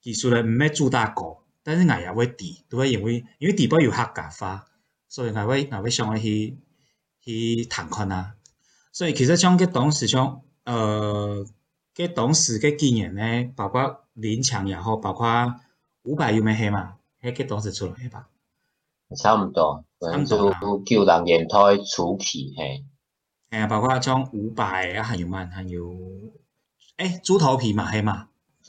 技術咧唔咩主打高，但是我也會低都會，因為因為地包有客家話，所以我會我會上去去探看啊。所以其實像佢當時將，呃佢當時嘅經驗咧，包括林強也好，包括伍佰有咩係，嘛？係佢當時出來係吧？差唔多，就叫人言台出皮係。誒、啊，包括將伍佰啊，還有嘛，還有，誒，豬頭皮嘛？係嘛？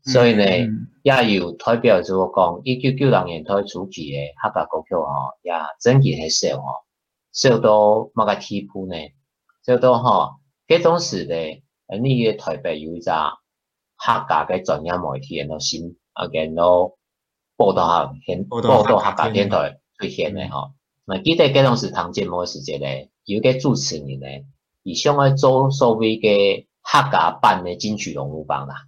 所以呢，也有代表做講，一九九零年代初期的客家歌曲，嗬，也整體係少，嗬，少到乜個地步呢？少到嗬，這當時呢，呢個台北有一扎客家嘅專業媒體，然後先啊嘅攞報道下，先報道客家電台出現嘅，嗬。那呢、嗯、記得佢當時當建模嘅時間呢，有個主持人呢，係想要做所謂嘅客家版嘅金曲龍虎榜啦。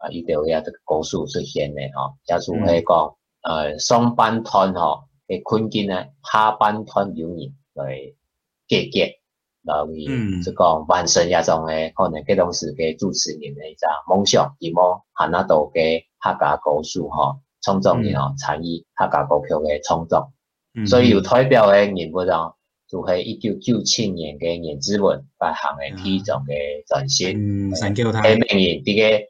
啊！伊就係一個故事出現吼，假亦都係講，誒、嗯，上班團吼嘅困境咧，下班團有人會解決，然後就講完成一種嘅可能，佢種時嘅主持人嘅一個夢想，希望行得到嘅客家故事吼，創造嘅嗬，參與客家歌曲嘅創作，所以有代表嘅人物就就係一九九七年嘅顏子文發行嘅《西藏嘅轉型》，係名人啲嘅。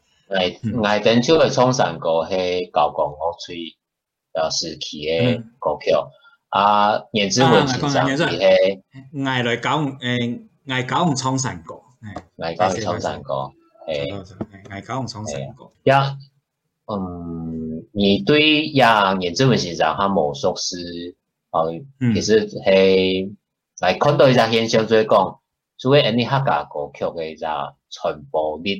來，來，嗯，當初的唱山歌係九江好吹，嗯、啊，時期的歌曲，啊，顏志文先生是，來搞誒，來搞唔唱山歌，來搞唔唱山歌，誒，來搞唔唱山歌。一，嗯，你對啊，顏志文先生他魔術師，啊，其實係來看到一隻現象就會講，所謂你客家歌曲的一個傳播力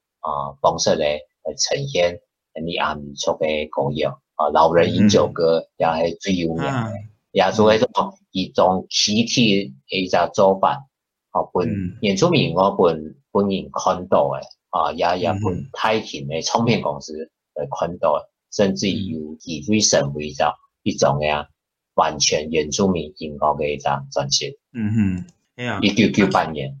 啊，方式咧呈現你阿米族嘅古謠，啊、呃，老人飲酒歌也係最優雅。嘅、啊，也做一種一種實體嘅一個做法。啊，本、嗯、原住民我本本人看到嘅，啊、呃，也也本泰平嘅唱片公司嚟看到的，甚至有以最成為一種呀啊，完全原住民音樂嘅一張專輯。嗯哼，嗯，一九九八年。嗯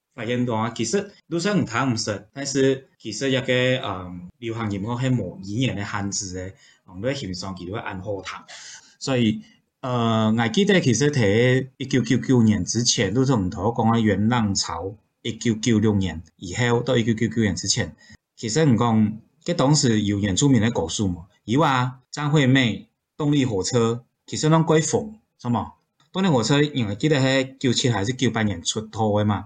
簡單啊！其實都使唔睇唔識，但是其實一個嗯流行音樂係無語言嘅限制嘅，我哋線上幾多人都好睇、嗯。所以呃我記得其實在一九九九年之前，都仲唔同講下元浪潮。一九九六年以後到一九九九年之前，其實唔講，佢當時有原住民嘅歌數們以前張惠妹、動力火車，其實都改風，什麼？動力火車因為記得喺九七還是九八年出道嘅嘛。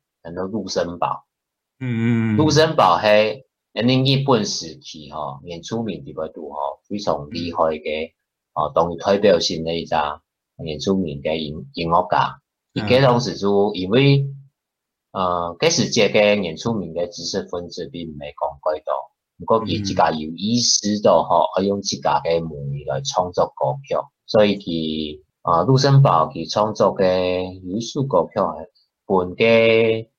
咁到陸森堡，嗯嗯，陸森堡係喺日本時期，啊，吼，原住民就比較多，吼非常厲害嘅，嗯嗯嗯哦，當代表性嘅一個原住民嘅音樂家。佢當時就因為，誒、呃，佢時接嘅原住民嘅知識分子並唔係咁多，不過佢自己有意識到，嗬，我用自己嘅母語嚟創作歌曲，所以佢，啊、呃，陸森堡佢創作嘅少數歌曲本嘅